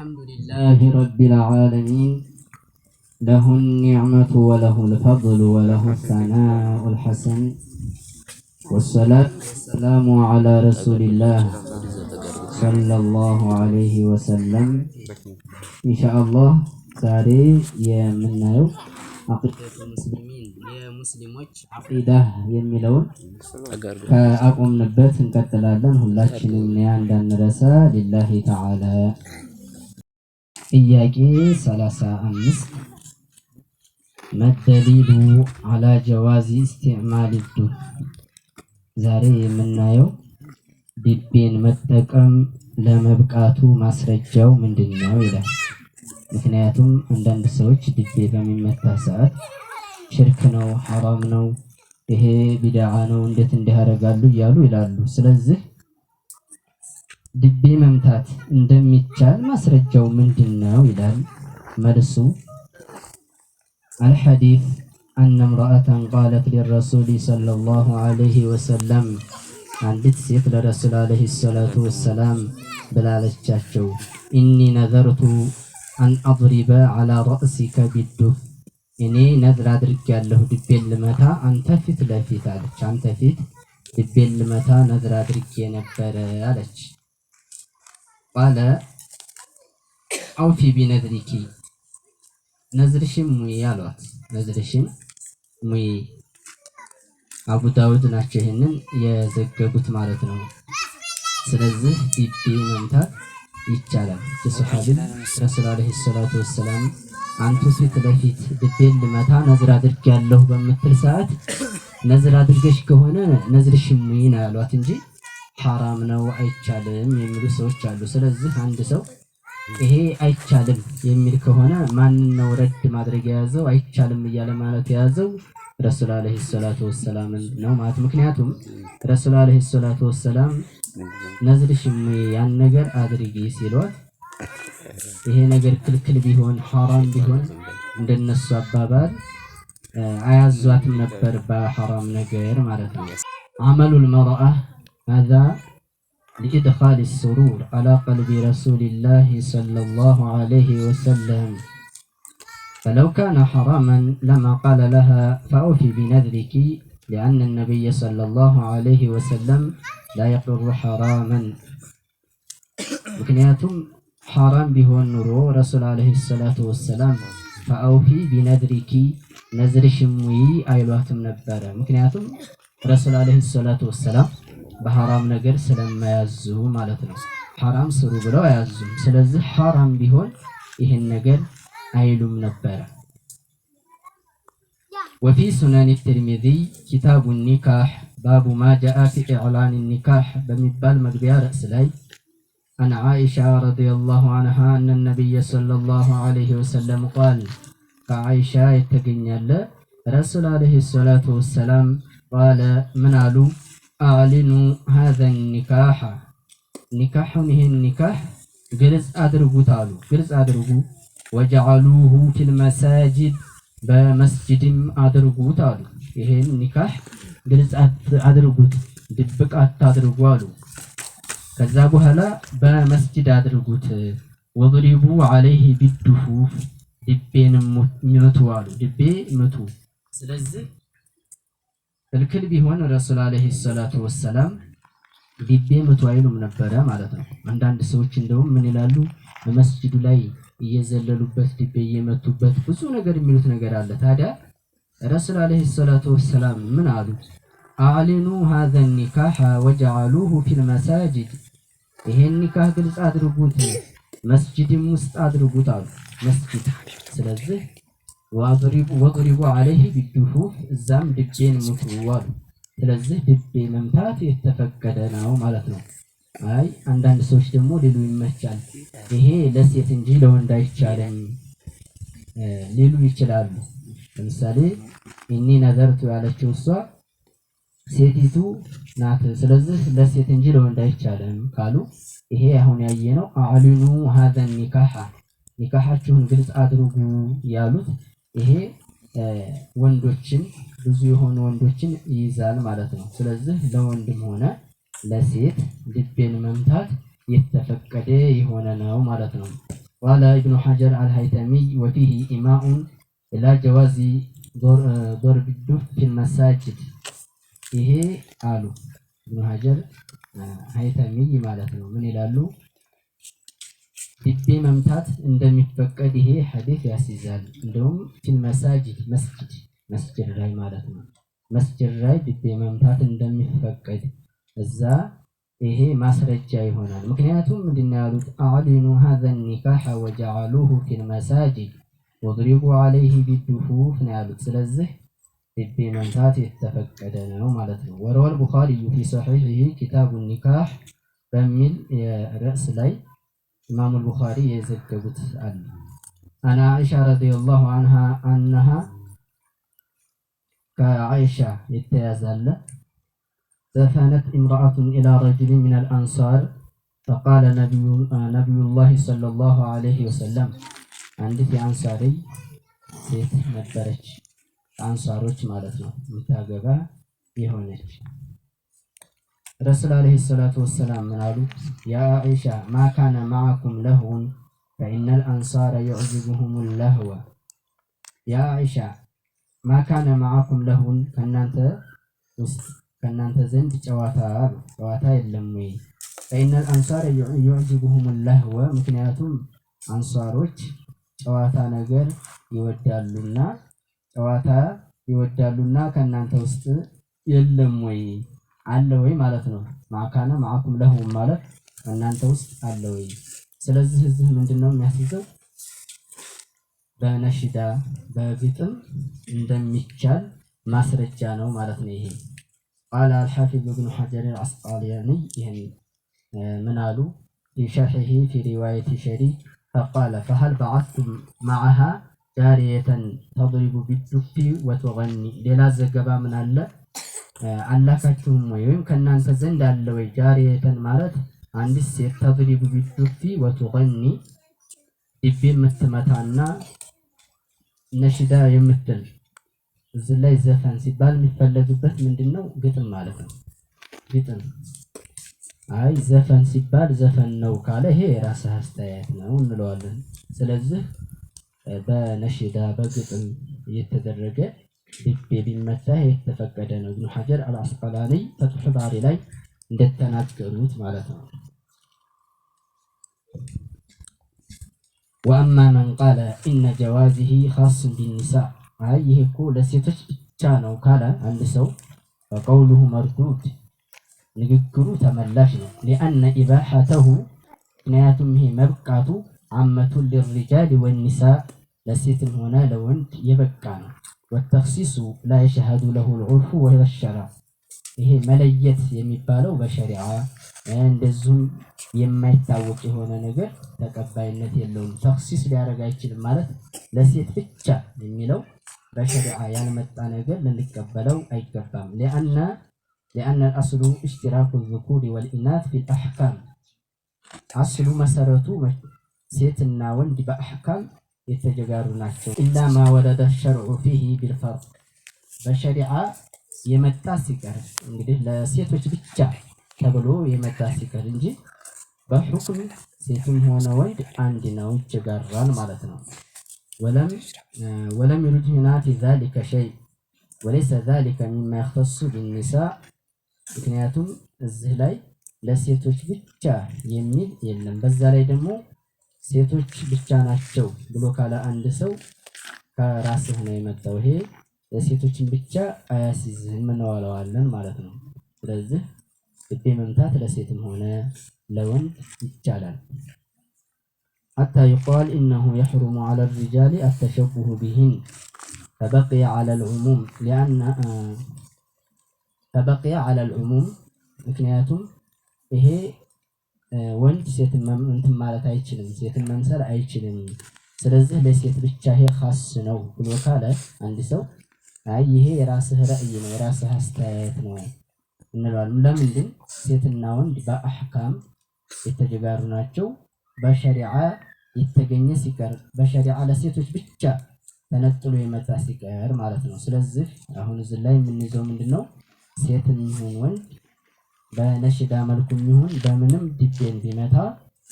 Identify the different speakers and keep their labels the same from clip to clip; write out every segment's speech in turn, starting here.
Speaker 1: الحمد لله رب العالمين له النعمة وله الفضل وله الثناء الحسن والصلاة والسلام على رسول الله صلى الله عليه وسلم إن شاء الله ساري يا من عقيدة المسلمين يا مسلمات عقيدة يا ملون كأقوم نبات نكتلالن هلاتشن من عندنا رسا لله تعالى ጥያቄ 35 መደሊሉ አላ ጀዋዚ ኢስቲዕማል ዱብ። ዛሬ የምናየው ዲቤን መጠቀም ለመብቃቱ ማስረጃው ምንድን ነው ይላል። ምክንያቱም አንዳንድ ሰዎች ዲቤ በሚመታ ሰዓት ሽርክ ነው፣ ሐራም ነው፣ ይሄ ቢድዓ ነው፣ እንዴት እንዲያደርጋሉ እያሉ ይላሉ። ስለዚህ ድቤ መምታት እንደሚቻል ማስረጃው ምንድን ነው ይላል። መልሱ አልሐዲስ አነ እምረአተን ቃለት ሊረሱል ሰለላሁ አለይህ ወሰለም አንዲት ሴት ለረሱል አለይህ ሰላቱ ወሰላም ብላለቻቸው ኢኒ ነዘርቱ አን አድሪበ ዓላ ረእሲከ ቢዱፍ እኔ ነዝር አድርጌያለሁ ድቤን ልመታ አንተ ፊት ለፊት አለች። አንተ ፊት ድቤን ልመታ ነዝር አድርጌ ነበረ አለች። ቃለ አውፊ ቢነዝሪኪ ነዝርሽም ሙይ አሏት። ነዝርሽም ሙይ አቡ ዳውድ ናቸው ይህንን የዘገቡት ማለት ነው። ስለዚህ ዲቤ መምታት ይቻላል። የሶሐቢል ረሱል ዓለይሂ ሰላቱ ወሰላም አንቱ ፊት ለፊት ድቤን ልመታ ነዝር አድርግ ያለሁ በምትል ሰዓት ነዝር አድርገሽ ከሆነ ነዝርሽም ሙይ ነው ያሏት እንጂ ሐራም ነው አይቻልም የሚሉ ሰዎች አሉ። ስለዚህ አንድ ሰው ይሄ አይቻልም የሚል ከሆነ ማን ነው ረድ ማድረግ የያዘው? አይቻልም እያለ ማለት የያዘው ረሱል ሰላቱ ወሰላም ነው ማለት። ምክንያቱም ረሱል አለይሂ ሰላቱ ወሰላም ነዝር ያን ነገር አድርጊ ሲሏት ይሄ ነገር ክልክል ቢሆን ሐራም ቢሆን እንደነሱ አባባል አያዟትም ነበር በሐራም ነገር ማለት ነው። አመሉል መርአ ماذا؟ لإدخال السرور على قلب رسول الله صلى الله عليه وسلم فلو كان حراما لما قال لها فأوفي بنذرك لأن النبي صلى الله عليه وسلم لا يقر حراما وكنياتم حرام به النرو رسول عليه الصلاة والسلام فأوفي بنذرك نذر شموي أي نبارة ممكن رسول عليه الصلاة والسلام በሐራም ነገር ስለማያዝዙ ማለት ነው። ሐራም ስሩ ብለው አያዙም። ስለዚህ ሐራም ቢሆን ይህን ነገር አይሉም ነበረ። ወፊ ሱናን ትርሚዚ ኪታቡ ኒካህ ባቡ ማ ጃአ ፊ ኢዕላን ኒካህ በሚባል መግቢያ ርዕስ ላይ አን ዓኢሻ ረዲየላሁ አንሃ እነ ነቢይ ሰለላሁ ዓለይሂ ወሰለም ቃል ከዓኢሻ የተገኛለ ረሱል ዓለይሂ ሰላቱ ወሰላም ቃለ ምን አሉ አሊኑ ሀዘ ኒካሐ ኒካሑን ይህን ኒካሕ ግልጽ አድርጉት አሉ። ግልጽ አድርጉ። ወጀዐሉሁ ፊል መሳጅድ በመስጅድም አድርጉት አሉ። ይህን ኒካሕ ግልጽ አድርጉት፣ ድብቅ አታድርጉ አሉ። ከዛ በኋላ በመስጅድ አድርጉት። ወድሪቡ ዐለይህ ቢዱፉፍ ድቤንም ምቱ አሉ። ድቤ ምቱ። ስለዚህ እልክል ቢሆን ረሱል አለይሂ ሰላቱ ወሰላም ቢቤ መቶ አይሉም ነበረ ማለት ነው። አንዳንድ ሰዎች እንደውም ምን ይላሉ በመስጅዱ ላይ እየዘለሉበት ዲቤ እየመቱበት ብዙ ነገር የሚሉት ነገር አለ። ታዲያ ረሱል አለይሂ ሰላቱ ወሰላም ምን አሉ? አዕሊኑ ሀዘ ኒካሐ ወጀዐሉሁ ፊል መሳጅድ፣ ይሄን ኒካህ ግልጽ አድርጉት መስጅድም ውስጥ አድርጉት አሉ መስጅድ ስለዚህ ወቅሪቡ አለይህ ቢዱሁ እዛም ድቤን ሙቱ አሉ። ስለዚህ ድቤ መምታት የተፈቀደ ነው ማለት ነው። አይ አንዳንድ ሰዎች ደግሞ ሊሉ ይመቻል፣ ይሄ ለሴት እንጂ ለወንድ አይቻልም ሊሉ ይችላሉ። ለምሳሌ እኔ ነዘርቱ ያለችው እሷ ሴቲቱ ናት። ስለዚህ ለሴት እንጂ ለወንድ አይቻልም ካሉ ይሄ አሁን ያየ ነው። አዕሊኑ ሀዘን ኒካሓ ኒካሓችሁን ግልጽ አድርጉ ያሉት ይሄ ወንዶችን ብዙ የሆኑ ወንዶችን ይይዛል ማለት ነው። ስለዚህ ለወንድም ሆነ ለሴት ልቤን መምታት የተፈቀደ የሆነ ነው ማለት ነው። ቃለ ኢብኑ ሐጀር አልሀይተሚይ ወፊህ ኢማኡን ኢላ ጀዋዚ ዶርቢዱፍ ፊል መሳጅድ ይሄ አሉ ኢብኑ ሐጀር ሀይተሚይ ማለት ነው። ምን ይላሉ? ፊት መምታት እንደሚፈቀድ ይሄ ሐዲስ ያስይዛል። እንዲሁም ፊል መሳጅድ መስጅድ መስጅድ ላይ ማለት ነው። መስጅድ ላይ ድቤ መምታት እንደሚፈቀድ እዛ ይሄ ማስረጃ ይሆናል። ምክንያቱም ምንድን ያሉት አዕሊኑ ሀዘ ኒካሐ ወጀዐሉሁ ፊል መሳጅድ ወድሪቡ ዐለይህ ቢዱፉፍ ነው ያሉት። ስለዚህ ፊት መምታት የተፈቀደ ነው ማለት ነው። ወረወል ቡኻሪዩ ፊ ሰሒሒህ ኪታቡ ኒካሕ በሚል ርዕስ ላይ إمام البخاري يزكبت أنا عائشة رضي الله عنها أنها كعائشة يتيازل دفنت امرأة إلى رجل من الأنصار فقال نبي, نبي الله صلى الله عليه وسلم عندك أنصاري سيت نبرج أنصاروش مالتنا ነው የምታገባ ረሱል ዓለይሂ ሰላቱ ወሰላም ምን አሉ? ያ አይሻ ማካነ ማዕኩም ለህውን ፈኢነል አንሳረ የዕጅቡሁም ለህወ። ያ አይሻ ማካነ ማዕኩም ለህውን ከእናንተ ውስጥ ከእናንተ ዘንድ ጨዋታ ጨዋታ የለም ወይ? ፈኢነል አንሳረ የዕጅቡሁም ለህወ፣ ምክንያቱም አንሳሮች ጨዋታ ነገር ይወዳሉና ጨዋታ ይወዳሉና ከእናንተ ውስጥ የለም ወይ? አለ ወይ ማለት ነው። ማካነ ማአኩም ለሁም ማለት እናንተ ውስጥ አለ ወይ። ስለዚህ እዚህ ምንድነው የሚያስይዘው? በነሽዳ በግጥም እንደሚቻል ማስረጃ ነው ማለት ነው። ይሄ ቃል አልሓፊዝ እብኑ ሐጀር አልዓስቃልያኒ ይህን ምን አሉ ፊ ፊ ሪዋየት ሸሪክ ፈቃለ ፈሃል በዓስቱም ማዓሃ ጃርየተን ተድሪቡ ቢዱፊ ወትغኒ ሌላ ዘገባ ምን አለ አላካችሁም ወይ ወይም ከእናንተ ዘንድ አለ ወይ? ጃሪየተን ማለት አንዲት ሴት ተድሪቡ ቢዱፊ ወቱቀኒ ዲቤ የምትመታና ነሽዳ የምትል እዚ ላይ ዘፈን ሲባል የሚፈለግበት ምንድን ነው? ግጥም ማለት ነው። ግጥም አይ ዘፈን ሲባል ዘፈን ነው ካለ ይሄ የራስ አስተያየት ነው እንለዋለን። ስለዚህ በነሽዳ በግጥም እየተደረገ ቢመታ የተፈቀደ ነው። ኢብኑ ሐጀር አልአስቀላኒ ፈትሑ ባሪ ላይ እንደተናገሩት ማለት ነው። ወአማ መን ቃለ ኢነ ጀዋዚሂ ኻሱን ቢኒሳ፣ አይ ይሄ እኮ ለሴቶች ብቻ ነው ካለ አንድ ሰው ፈቀውሉሁ መርዱድ፣ ንግግሩ ተመላሽ ነው። ሊአነ ኢባሐተሁ፣ ምክንያቱም ይሄ መብቃቱ አመቱን ሊርጃል ወኒሳ፣ ለሴትም ሆነ ለወንድ የበቃ ነው። ወተክሲሱ ላ የሸሃዱ ለሁ ልዑርፉ ወይረ ይሄ መለየት የሚባለው በሸሪዓ እንደዚሁም የማይታወቅ የሆነ ነገር ተቀባይነት የለውም። ተክሲስ ሊያደርግ አይችልም ማለት ለሴት ብቻ የሚለው በሸሪዓ ያልመጣ ነገር ልንቀበለው አይገባም። ሊአነ አስሉ እሽትራኩ ዙኩሪ ወልኢናት ፊል አሕካም አስሉ መሰረቱ ሴትና ወንድ በአሕካም የተጀጋሩ ናቸው። ኢላ ማ ወረደ ሸርዑ ፊህ ቢልፈርድ በሸሪዓ የመጣ ሲቀር እንግዲህ ለሴቶች ብቻ ተብሎ የመጣ ሲቀር እንጂ በሑክም ሴትም ሆነ ወንድ አንድ ነው፣ ይጀጋራል ማለት ነው። ወለም ዩሪድና ዛሊከ ሸይ ወለይሰ ዛሊከ ሚማ የኸሱ ቢኒሳ ምክንያቱም እዚህ ላይ ለሴቶች ብቻ የሚል የለም። በዛ ላይ ደግሞ ሴቶች ብቻ ናቸው ብሎ ካለ አንድ ሰው ከራስህ ነው የመጣው። ይሄ ለሴቶችን ብቻ አያስይዝህ እንለዋለን ማለት ነው። ስለዚህ ልቤ መምታት ለሴትም ሆነ ለወንድ ይቻላል። ሐታ ይቃል ኢነሁ የሕሩሙ ዐለ ሪጃሊ አተሸቡሁ ቢሂን ተበቅያ ዐለ ልዑሙም ምክንያቱም ይሄ ወንድ ሴት እንትን ማለት አይችልም፣ ሴትን መምሰል አይችልም። ስለዚህ ለሴት ብቻ ይሄ ኻስ ነው ብሎ ካለ አንድ ሰው አይ ይሄ የራስህ ራእይ ነው የራስህ አስተያየት ነው እንለዋለን። ለምንድን ሴትና ወንድ በአህካም የተጀጋሩ ናቸው። በሸሪዓ የተገኘ ሲቀር በሸሪዓ ለሴቶች ብቻ ተነጥሎ የመጣ ሲቀር ማለት ነው። ስለዚህ አሁን እዚህ ላይ የምንይዘው ምንድን ነው ሴትን ይሁን ወንድ በነሽዳ መልኩ የሚሆን በምንም ዲፔን ቢመታ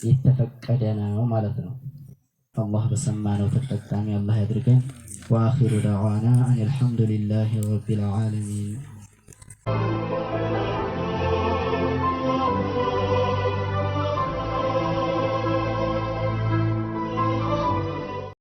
Speaker 1: የተፈቀደ ነው ማለት ነው። አላህ በሰማነው ተጠቃሚ አላህ ያድርገን። ወአኺሩ ደዕዋና አን አልሐምዱሊላሂ ረቢል ዓለሚን